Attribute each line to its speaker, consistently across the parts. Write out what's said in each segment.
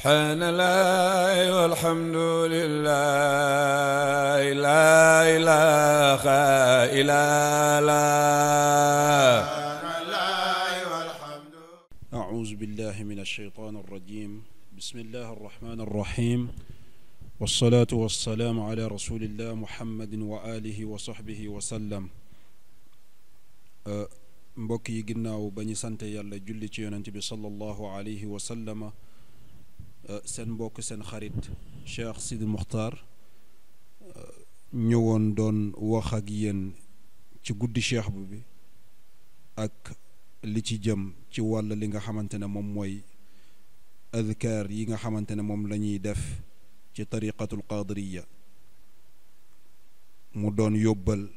Speaker 1: سبحان الله والحمد لله لا إله إلا الله أعوذ بالله من الشيطان الرجيم بسم الله الرحمن الرحيم والصلاة والسلام على رسول الله محمد وآله وصحبه وسلم أه، مبكي قلنا وبني سنتي ñu جلتي yàlla julli صلى الله عليه وسلم seen mbokk seen xarit Cheikh Sidi Mokhtar ñëwoon doon wax ak yéen ci guddi cheikh bi ak li ci jëm ci wàll li nga xamante ne moom mooy yi nga xamante ne moom def ci tariqatul qadiriya mu doon yóbbal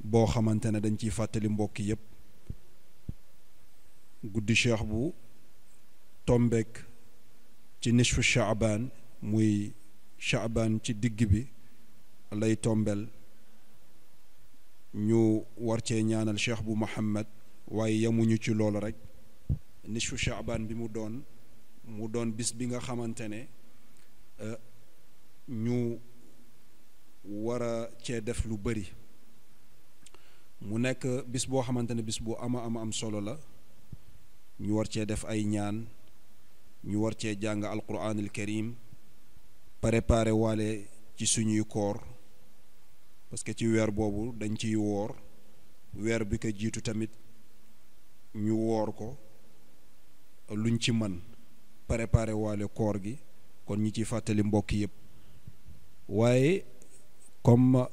Speaker 1: boo xamante ne dañ ciy fàttali mbokk yépp guddi cheikh bu tombeek ci nisfu chaabaan muy chaabaan ci digg bi lay tombel ñu war cee ñaanal cheikh bu Muhammad waaye yemuñu ci loolu rek nisfu chaabaan bi mu doon mu doon bis bi nga xamante ne euh, ñu wara cee def lu bari mu nekk bis boo xamante ne bis bu ama am am solo la ñu war cee def ay ñaan ñu war cee jàng alquranil karim préparé waale ci suñuy koor parce que ci weer boobu dañ ciy woor weer bi ko jiitu tamit ñu woor ko luñ ci man préparé waale koor gi kon ñi ciy fàttali mbokk yépp waaye comme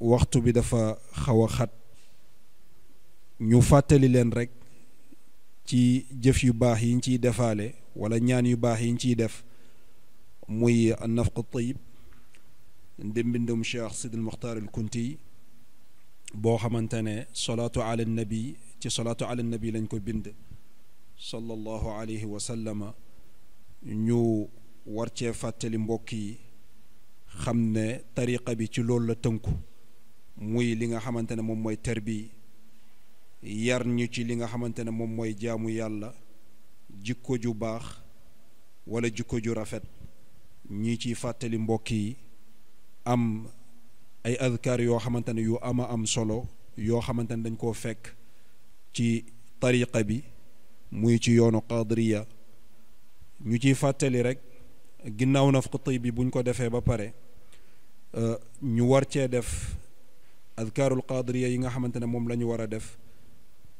Speaker 1: waxtu bi dafa xaw a xat ñu fàttali leen rek ci jëf yu baax yi ñu ciy defaale wala ñaan yu baax yi ñu ciy def muy nafqu tayib di mbindum cheikh sidil muxtaar al kunti boo xamante ne salaatu ala nabi ci salaatu ala nabi lañ ko bind sallallahu alayhi wa sallama ñu war cee fàttali mbokk yi xam ne tariqa bi ci loolu la tënku muy li nga xamante ne moom mooy terbi yar ñu ci li nga xamante ne moom mooy jaamu yàlla jikko ju baax wala jikko ju rafet ñi ciy fàttali mbokk yi am ay adkaar yoo xamante ne yu ama am solo yoo xamante ne dañ koo fekk ci tariqa bi muy ci yoonu qadriya ñu ciy fàttali rek ginnaaw naf qati bi buñ ko defee ba pare euh, ñu war cee def adkaarul qadriya yi nga xamante ne moom lañu ñu war a def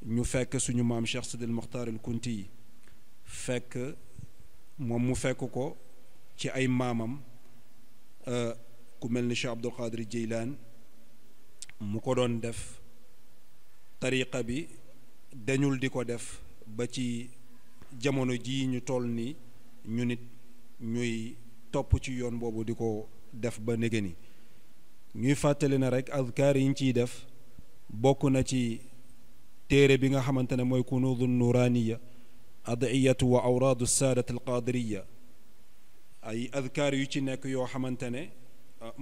Speaker 1: ñu fekk suñu maam Cheikh Sidil Mokhtar El Kunti yi fekk moom mu fekk ko ci ay maamam euh, ku mel ni Cheikh Abdul Qadir Jeylaan mu ko doon def tariqa bi dañul di ko def ba ci jamono jii ñu toll ni ñu nit ñuy topp ci yoon boobu di ko def ba néga ni ñuy fàttali na rek azkaar yi ñu ciy def bokk na ci téere bi nga xamante ne mooy kunuudu nuraaniya adiyatu wa awraadu saadat alqaadiriya ay adkaar yu ci nekk yoo xamante ne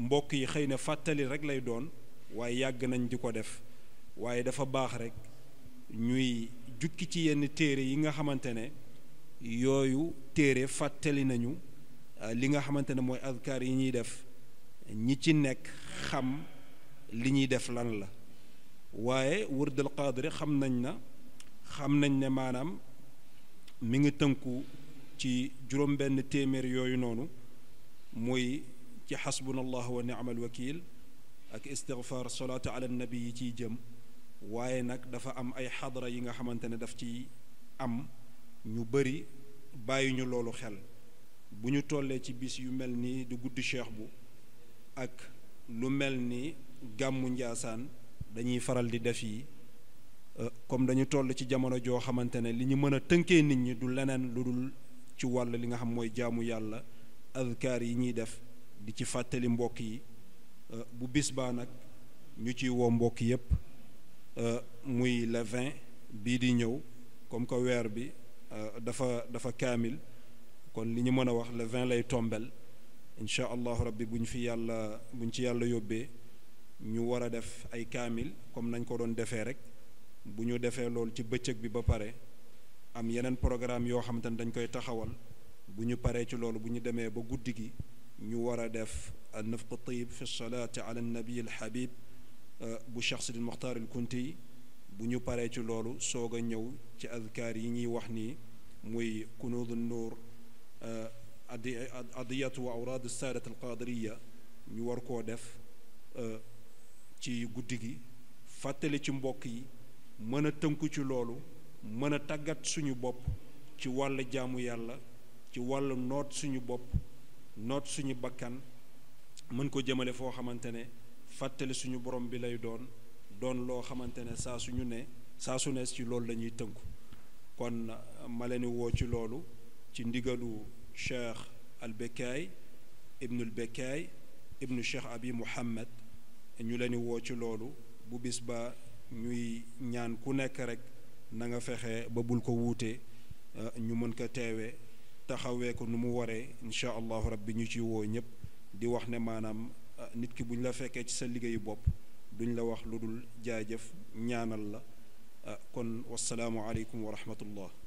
Speaker 1: mbokk yi xëy na fàttali rek lay doon waaye yàgg nañ di ko waaye dafa baax rek ñuy jukki ci yenn téere yi nga xamante ne yooyu téere fàttali nañu li nga xamante ne mooy adkaar yi ñuy def ñi ci nekk xam li ñuy def lan la waaye wurdal qaadiri xam nañ na xam nañ ne maanaam mi ngi tënku ci juróom benn téeméer yooyu noonu muy ci xasbunallah wa ni'mal wakil ak istigfaar salaatu ala nabi yi ciy jëm waaye nag dafa am ay xadra yi nga xamante ne daf ci am ñu bëri bàyyi ñu loolu xel bu ñu tollee ci bis yu mel ni du gudd cheikh bu ak lu mel ni gàmmu njaasaan dañuy faral di def yi euh, comme dañu toll ci jamono joo xamante ne li ñu mën a tënkee nit ñi du leneen lu dul ci wàll li nga xam mooy jaamu yàlla adkaar yi ñuy def di ci fàttali mbokk yi euh, bu bis baa nag ñu ciy woo mbokk yépp euh, muy le vingt bii di ñëw comme que weer bi dafa dafa kaamil kon li ñu mën a wax le vingt lay tombel incha allahu rabbi bu ñu fi yàlla bu ñu ci yàlla yóbbee ñu war a def ay kaamil comme nañ ko doon defee rek bu ñu defee loolu ci bëccëg bi ba pare am yeneen programme yoo xamante ne dañ koy taxawal bu ñu paree ci loolu bu ñu demee ba guddi ñu war a def nafq tayib fi salaati ala nabi al habib bu Cheikh Sidil Mokhtar al Kunti bu ñu paree ci loolu soog a ñëw ci adkaar yi ñuy wax nii muy kunuudu nuur adiyatu wa awraad saadat al qaadiriya ñu war koo def ci guddi gi fàttali ci mbokk yi mën a tënku ci loolu mën a tàggat suñu bopp ci wàll jaamu yàlla ci wàll noot suñu bopp noot suñu bakkan mën ko jëmale foo xamante ne fàttali suñu borom bi lay doon doon loo xamante ne saa ne saa su ne ci loolu lañuy ñuy tënku kon ma leen woo ci loolu ci ndigalu cheikh al bekkaay ibnul bekkaay ibnu cheikh abi muhammad ñu leen di woo ci loolu bu bis ba ñuy ñaan ku nekk rek na nga fexe ba bul ko wuute ñu mën ko teewee taxawee ko nu mu waree incha allahu rabbi ñu ci woo ñëpp di wax ne maanaam nit ki buñ la fekkee ci sa liggéeyu bopp duñ la wax lu dul jaajëf ñaanal la kon wasalaamu aleykum wa rahmatullah